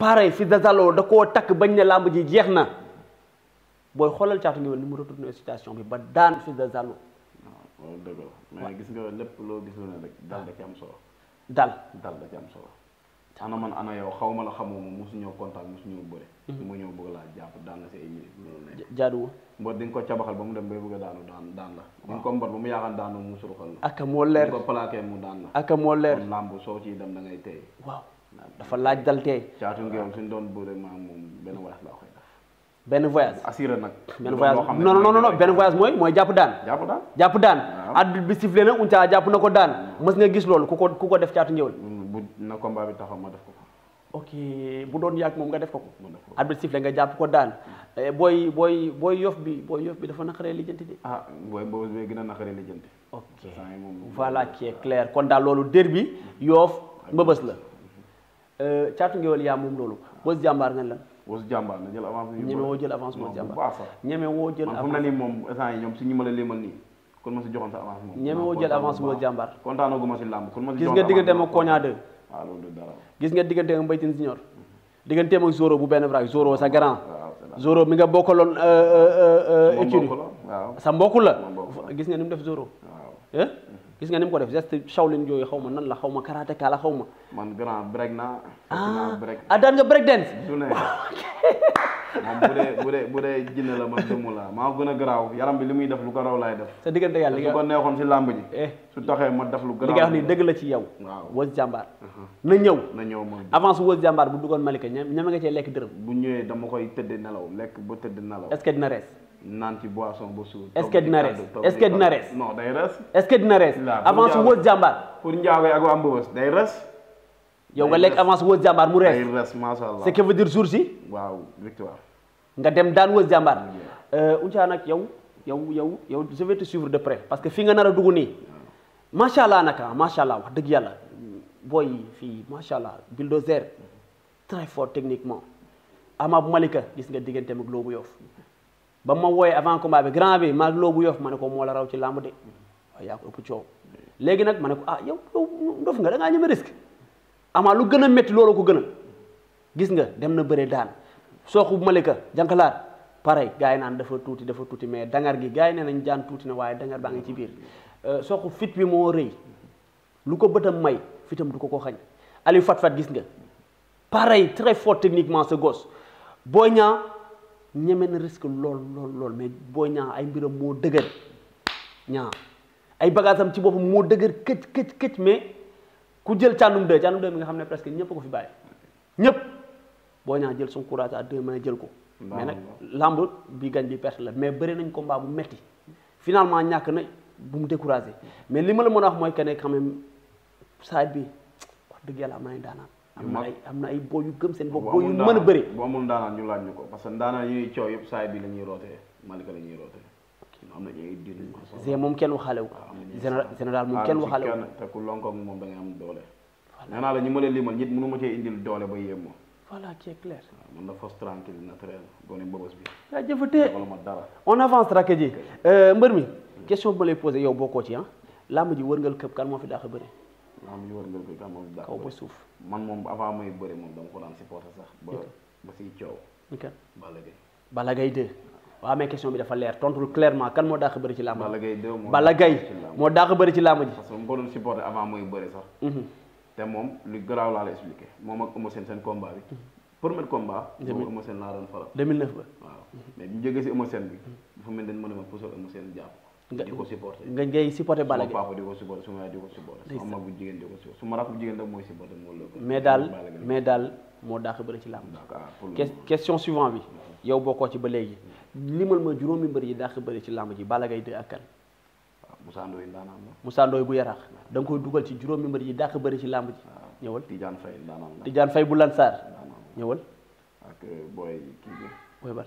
pareil fi Dazalo da ko tak bañ ne làmb ji jeexna boy xolal xoolal caatu ngi ni mu retourné situation bi ba daan fi Dazalo. waaw dëgg gis nga lépp loo gis ne rek dal da ci am solo. dal dal da ci am solo. ana man ana yow xawma la xamoo mu mosu ñëw contact mosu ñëw beure mu ñëw bëgg la japp daan la si ay minutes loolu nekk. jaaduwul mbot di nga ko ciabaxal ba mu dem bay bëgg daanu daan daan la. waaw di nga ko mbot bu mu yaakaar daanu mu suruxal la. ak mo leer ko plaqué mu daan la. ak mo leer lamb so ci dem da ngay tey waaw dafa laaj daltee caatu ngeewal suñ doon benn voyage laa benn voyage assuré nag benn voyage non non non benn voyage mooy mooy jàpp daan jàpp daan jàpp daan addu bi sifflé na uncaa jàpp na ko daan mës nga gis loolu ku ko ku ko def caatu ngeewal mm, bu na combat bi taxaw ma def ko ok bu doon yàgg moom nga def ko ko addu bi nga jàpp ko daan eh, booy booy booy yof bi booy yof bi dafa naqaree lijjanti de ah booy boobu bi gën a naqaree lijjanti ok voilà qui est clair kon daal loolu derby mm. yoof mbëbës la Euh, caatu ngéwél yaa moom loolu Weuz jàmbaar ngeen la Weuz jàmbaar na jël avance ñeme woo jël avance Weuz jàmbaar ñeme woo jël avance man nii moom yi ñoom su ñu ma la limal nii kon ma si joxoon sa avance moom ñeme woo jël avance Weuz jàmbaar kontaanoo ma si làmb kon ma si gis ah, nga diggante ma koña deux waaw loolu gis nga diggante ak Mbaye Tine Junior digganteem ak Zoro bu benn braak Zoro sa grand ah, Zoro mi nga bokkaloon euh, euh, étude sa mbokk la gis nga ni mu def Zoro ah, gis nga ni mu ko def geste Shaolin yooyu xaw ma nan la xaw ma karateka la xaw ma. man grand break naa. ah ah daan nga break dance. du ne la man maa gën a garaaw yaram bi li muy def lu ko raw def. sa diggante yàlla li nga su ko neexoon si làmb ji. Eh. su taxee ma def lu garaaw ni dëgg la ci yow. waaw Weuz Diambar. Uh-huh. ñëw na ñëw moom. avance Weuz Diambar bu duggoon Malika ña ña nga cee lekk dërëm. bu ñëwee dama koy tëdd nelaw lekk ba tëdd nelaw. est-ce que dina rees. naan ci boisson ba suur. est-ce que dina rees est-ce que dina rees. non day avance wóos jàmbaar. pour yow nga lekk avance wóos jàmbaar mu rees. day rees macha allah ce qui veut dire jour si. nga dem daan wóos jàmbaar. Euh, Ounthia nag yow yow yow yow je vais te suivre de près parce que fii nga nara a dugg nii. macha allah naka macha allah wax dëgg yàlla booy fii macha allah bulldozer très fort techniquement Ama Malika gis nga diggante ak Loobu Yoff ba ma wooyee avant combat bi grand bi maa loo bu yof ma ne ko moo la raw ci làmb de waaye yaa ko ëpp coow léegi nag ma ne ko ah yow yow ndof nga da ngaa ñeme risque amaa lu gën a métti loolu ko gën a gis nga dem na bëre daan sooxu malika jankalaar janqalaat gars yi naan dafa tuuti dafa tuuti mais dangar gi gars yi nee nañ jaan tuuti na waaye dangar baa ngi ci biir euh, sooxu fit bi moo rëy lu ko bëtam may fitam du ko ko xañ Aliou Fatfat gis nga pareil très fort techniquement ñeme na risque lool lool lool mais boo ñaa ay mbiram moo dëgër ñaa ay bagaasam ci boppam moo dëgër këcc këcc këcc mais ku jël càndum de càndum dee mi nga xam ne presque ñëpp ko fi bàyyi ñëpp boo ñaa jël son courage à ma mains jël ko mais nag lamb bi gañ bi perte la mais bëri nañ combat bu metti finalement ñàkk na bu mu découragé mais li ma la mën a wax mooy que ne saa même saay bi wax dëgg yàlla am na ay daanaan am na ay am na ay boo yu gëm seen boo yu mën a bëri ko parce que ndaanaan yuy coow yëpp saay bi la rootee malika la ñuy rootee am na ñuy dinañ ko g moom kenn waxaale wu général moom kenn waxaale moom da ngay am doole limal nit mënu ma cee indil doole ba yéem voilà c'est clair waaw mën na fos naturel doone mbëbës bi yaa jëfatee ma dara avance rakk ji euh, mbër mi question bu ma lay posé boo ko ci ah làmb ji wërngal këpp kan moo fi daax a bëri nga xam ñu war ngeen koy tàmbali daal kaw ba suuf man moom avant may bëri moom dama ko daan supporter sax ba ba coow ok Balla Gaye Balla Gaye question bi dafa leer tontul clairement kan moo dàq bëri ci làmb Balla Gaye 2 Balla Gaye moo dàq bëri ci làmb ji parce mu ko doon supporter avant may bëri sax mhm. te moom lu garaaw laa la expliqué moom ak Eumeu Sène seen combat bi mhm. premier combat boobu Eumeu Sène laa doon faral 2009 ba waaw mais bu ñu jógee si Eumeu bi mhm. dafa mel ni dañ mën a ma puusal Eumeu Sène nga di ko supporté nga ngay supporté Balla Gaye papa di su ma di ko jigéen di mooy supporté moo la mais daal moo daal moo dàq bëri ci làmb question suivant bi yow bokkoo ci ba léegi limal ma juróomi mbër yi dàq bëri ci làmb ji Balla Gaye 2 ak kan ah, Moussa Ndoye ndaanaan la Moussa Ndoye bu yarax da nga koy dugal ci juróomi mbër yi dàq bëri ci làmb ji ah, ñëwal Tidiane Faye ndaanaan la Tidiane Faye bu Lansar ñëwal ak euh, booy kii bi booy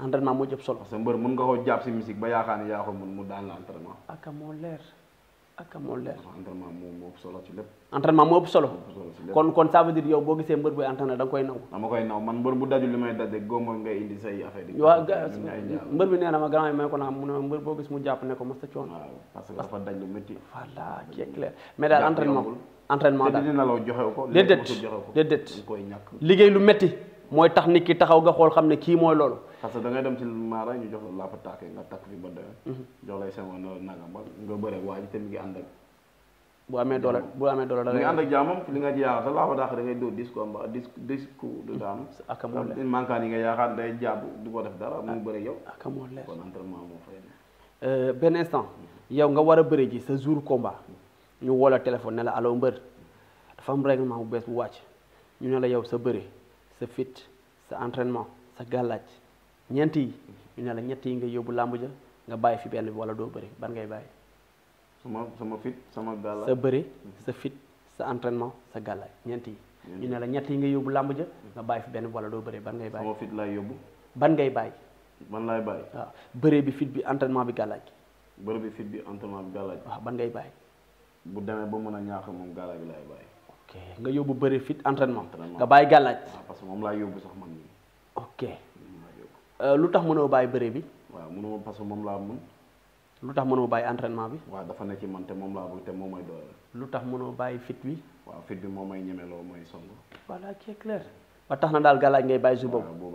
entraînement moo jëpp solo. parce que mbër mën nga koo jàpp si musique ba yaakaar ni yaa ko mën mu daan la entraînement. ak moo leer ak moo leer. entraînement moo ëpp solo ci lépp. entraînement moo solo. kon kon ça veut yow boo gisee mbër buy entraîné da nga koy man mbër bu dajul li may daje góob ngay indi say affaire yi. mu jàpp ne ko mos a que dafa daj lu métti. voilà c'est mais daal entraînement daal te dina la joxe ko. déedéet déedéet liggéey lu métti moy tax nit ki taxaw ga xol xamne ki moy lolu parce que da ngay dem ci mara ñu jox la fa tàkkee nga tak fi ba dëgg mhm. jox lay sama no nagam ba nga bëre waaji ji te mi ngi ànd ak bu amé dola bu amé dola da ngay ànd ak jaamam li nga yaakaar sa laafa tax da ngay do disco ba disco disque du daanu ak amoo leer mankaan yi nga yaakaar day jabb du ko def dara mu bëre yow ak amoo leer kon entraînement mo fay né euh ben instant yow nga wara a bëre ji sa jour combat ñu woo téléphone né la allo mbër dafa am règlement bu bees bu wacc ñu né la yow sa bëre sa fit sa entraînement sa gàllaaj ñeent yi ñu ne la ñett yi nga yóbbu làmb ja nga bàyyi fi benn bi wala doo bëri ban ngay bàyyi sama sama fit sama galaj, sa bëri sa fit sa entraînement sa gàllaaj ñeent yi ñu ne la ñett yi nga yóbbu làmb ja nga mm. bàyyi fi benn bi wala doo bëri ban ngay bàyyi sama fit laay yóbbu ban ngay bàyyi ban lay bàyyi waaw bëree bi fit bi entraînement bi gàllaaj bëree bi fit bi entraînement bi gàllaaj waaw ban ngay bàyyi bu demee ba mën a ñaax moom gàllaaj bi lay bàyyi nga yóbbu bëri fit entraînement. nga bàyyi gàllaaj. Ah, parce que moom laa yóbbu sax man mii. ok euh, lu tax mënoo bàyyi bëri bi. waaw mënoo parce que moom laa mën. lu tax mënoo bàyyi entraînement bi. waaw dafa ne ci man moom laa bëgg moom mooy lu tax mënoo bàyyi fit bi. waaw fit bi moom mooy loo mooy song. voilà c'est clair. ba tax na daal gàllaaj ngay bàyyi su boobu.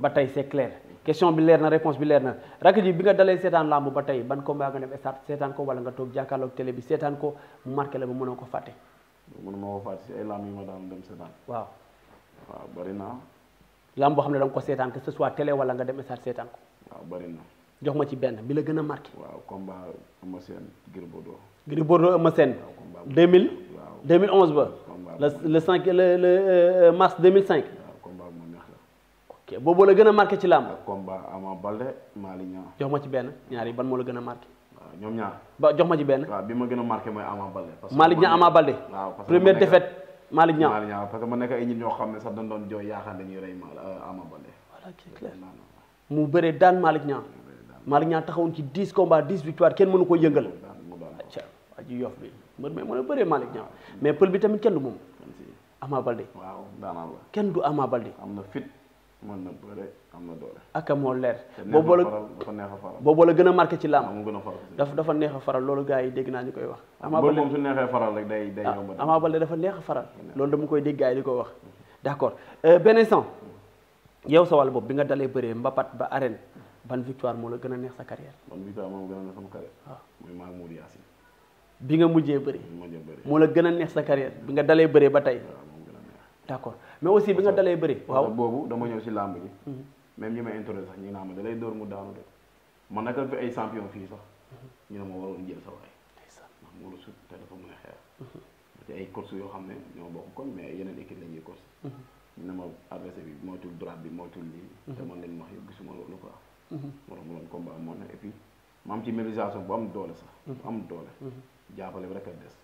ba tey c'est clair. question bi leer na réponse bi leer na rakk ji bi nga dalee seetaan làmb ba tey ban combat nga def stade seetaan ko wala nga toog jàkkaarloog télé bi seetaan ko mu marqué la ba mënoo ko fàtte. mën ma ko fàtte si ay làmb yi ma daan dem seetaan. waaw waaw bari naa. làmb boo xam ne da ko seetaan que ce soit télé wala nga deme stade seetaan ko. jox ma ci benn bi la gën a marqué. waaw combat Eumeu Sène Gris Bordeaux. Gris Bordeaux Eumeu Sène. waaw combat 2000. waaw 2011 ba. combat le le cinq le le euh, mars 2005. waaw combat bu ma neex la. a marqué ci làmb. waaw jox ma ci benn ñaar yi ban moo la gën a marqué. ñoom ñaar ba jox ma ci benn. waaw bi ma gën a marqué mooy Ama Balde. parce que Malick Niang Ama Balde. waaw parce que première défaite Malick Niang. parce que ma nekk ay nit ñoo xam ne sax dañ doon jooy yaakaar dañuy rey euh, Ama Balde. voilà c'est mu bëree daan Malick Niang. Malick Niang taxawoon ci dix combats dix victoire kenn mënu ko yëngal. acca aji yof bi mbër mi a mais pël bi tamit kenn du moom. Ama Balde. waaw kenn du Ama Balde. am na fit. mën na na doole. ak moo leer. boobu la dafa neex a faral boobu gën a marqué ci làmb. daf dafa neex a faral loolu gars yi dégg naa ñu koy wax. Ama Baldé moom su neexee faral rek day ah, dafa neex a faral loolu dama koy dégg gars yi di ko wax. d' accord euh, beneen sens mm-hmm. yow sa wàll bopp bi nga dalee bëree mbappat ba arène ban victoire moo la gën a neex sa carrière. ban victoire moom gën a neex sama carrière. waaw ah. bi nga mujjee bëree. moo la gën a neex sa carrière bi nga dalee bëree ba tey. d' accord mais aussi bi nga dalee bëri. waaw boobu dama ñëw si làmb ji. Hmm. même ñi may introduire sax ñu ngi naan da lay dóor mu daanu de man nekkal ay champion fii sax hmm. ñu ne ma waroon sa waay. ndax moo la sut te dafa mën hmm. ay course yoo xam ne ñoo bokk kon mais yeneen la ñuy course. ñu ne ma adversaire bi moytul droite bi moytul lii. te man leen wax yow moo na et ma am ci mobilisation bu am doole sax. bu am doole. jàppale bi rek a des.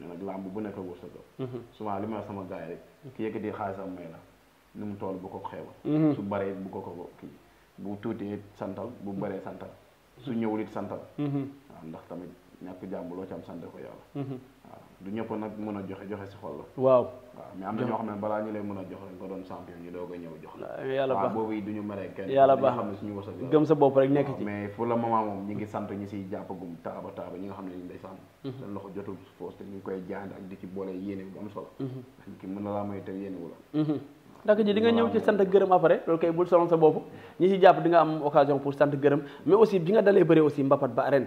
xam nag làmb bu nekk wërsëgam mhm. souvent li ma sama gars yi rek mhm. ki yëkkati xaalisam may la ni mu tool bu ko xeewal mhm. su baree bu ko ko kii bu tuutee santal bu baree santal su ñëwul it santal waaw ndax tamit ñàkk jàmm loo ci am sante ko yàlla mhm. du ñëpp nag mën a joxe joxe si xol la waaw waaw am na ñoo xam ne balaa ñu lay mën a jox rek nga doon champion ñu a ñëw loolu kay bul sonal sa bopp ñi si jàpp di am occasion pour sant gërëm mais aussi bi nga dalee bëri aussi mbapat ba arène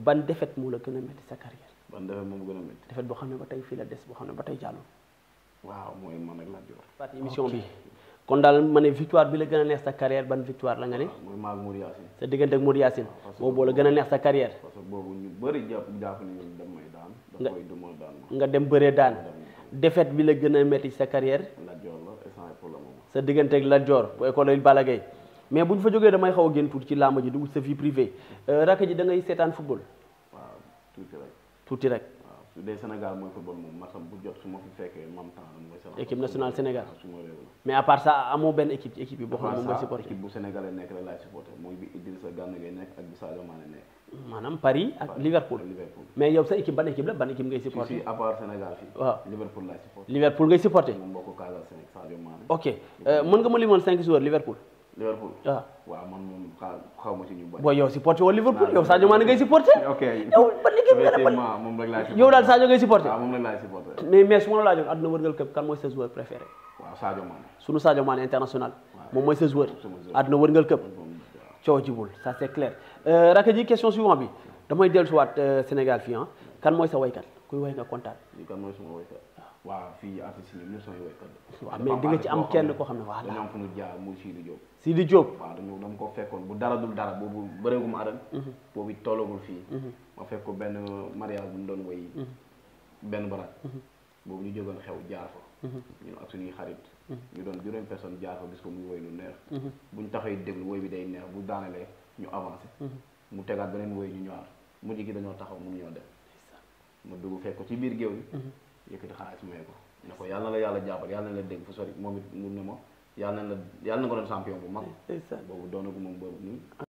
ban defet moo la gën a métti sa carrière. ban defet moom gën boo xam ne ba tey fii la des boo xam ne ba tey jàllul. waaw mooy man ak Lat Dior. bi kon daal ma ne victoire bi la gën a neex sa carrière ban victoire la nga ne. mooy sa diggante ak Modou Yacine. boobu la gën a neex sa carrière. ñu bëri jàpp jàpp nañu ne damay daan. da nga dem bëree daan. defet bi la gën a métti sa carrière. Lat la instant sa diggante ak Lat bu école Balla Gaye mais bu ñu fa jógee damay xaw a génn tuuti ci làmb ji dugg sa vie privée euh, raka ji da ngay football. waaw tuuti rek. tuuti rek. waaw su dee Sénégal bu jot su moom temps équipe nationale Sénégal mais à part ça amoo benn équipe ci équipe yi boo xam ne moom nga supporté. équipe bu sénégalais nekk laay supporté maanaam Paris ak Liverpool. Liverpool mais yow sa équipe ban équipe la ban équipe ngay supporté. ok euh, mën nga ma limoon cinq joueurs Liverpool Liverpool ah. waaw xaw ma ci ñu boo yow supporté woo Liverpool yow Sadio Mané ngay supporté. ok yow ba liggéey bi nga def moom rek laay yow daal Sadio ngay supporté. waaw ah, moom rek mais su ma la laajoon àdduna wërngal këpp kan mooy sa joueur préféré. waaw Sadio Mané. sunu international. moom mooy sa joueur. àdduna wërngal këpp. coow jibul ça c' est clair. Euh, Raka ji question suivante bi damay dellusiwaat euh, Sénégal fii ah kan mooy sa waykat kuy way nga kontaan. waaw fii artiste yi ñëpp samay waykat la. waaw mais di nga ci am kenn koo xam ne waaw dañoo am fu ñu jaar muy Sidi Diop. Sidi Diop waaw dañu dama ko fekkoon bu dara dul dara boobu bëreegum aran mhm. boobu tollagul fii mhm. ma fekk ko benn mariage bu ñu doon way mhm. benn baraat boobu ñu jógoon xew jaar fa ñun ak suñuy xarit ñu doon juróom personne jaar fa gis ko muy woy lu neex buñ taxee déglu woy bi day neex bu daanalee ñu avancé mu tegaat beneen woy ñu ñëwaat mujj gi dañoo taxaw mun ñoo dem ma ci biir géew bi yëkkati xaalis may ko ne ko yàlla na la yàlla jàppal yàlla na la dégg fu sori moom it mu ne ma yàlla na la yàlla na nga doon champion bu mag boobu doona ko moom boobu